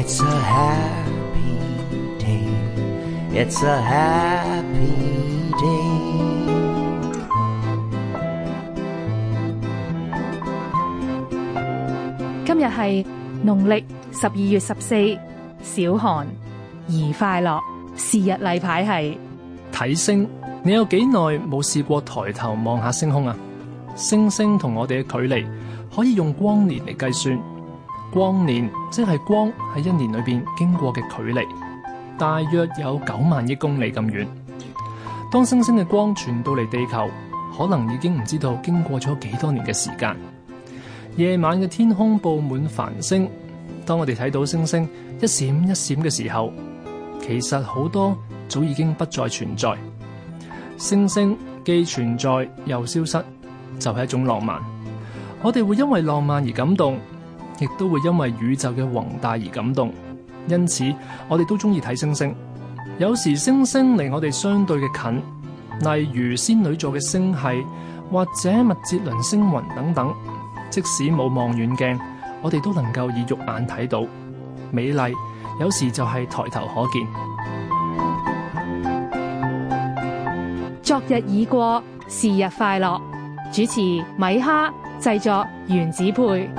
It's a happy day. It's a happy day。今日係農曆十二月十四，小寒，宜快樂。是日例牌係睇星。你有幾耐冇試過抬頭望下星空啊？星星同我哋嘅距離可以用光年嚟計算。光年即係光喺一年裏邊經過嘅距離，大約有九萬億公里咁遠。當星星嘅光傳到嚟地球，可能已經唔知道經過咗幾多年嘅時間。夜晚嘅天空布滿繁星，當我哋睇到星星一閃一閃嘅時候，其實好多早已經不再存在。星星既存在又消失，就係一種浪漫。我哋會因為浪漫而感動。亦都會因為宇宙嘅宏大而感動，因此我哋都中意睇星星。有時星星離我哋相對嘅近，例如仙女座嘅星系或者麥哲倫星雲等等，即使冇望遠鏡，我哋都能夠以肉眼睇到。美麗，有時就係抬頭可見。昨日已過，是日快樂。主持米哈，製作原子配。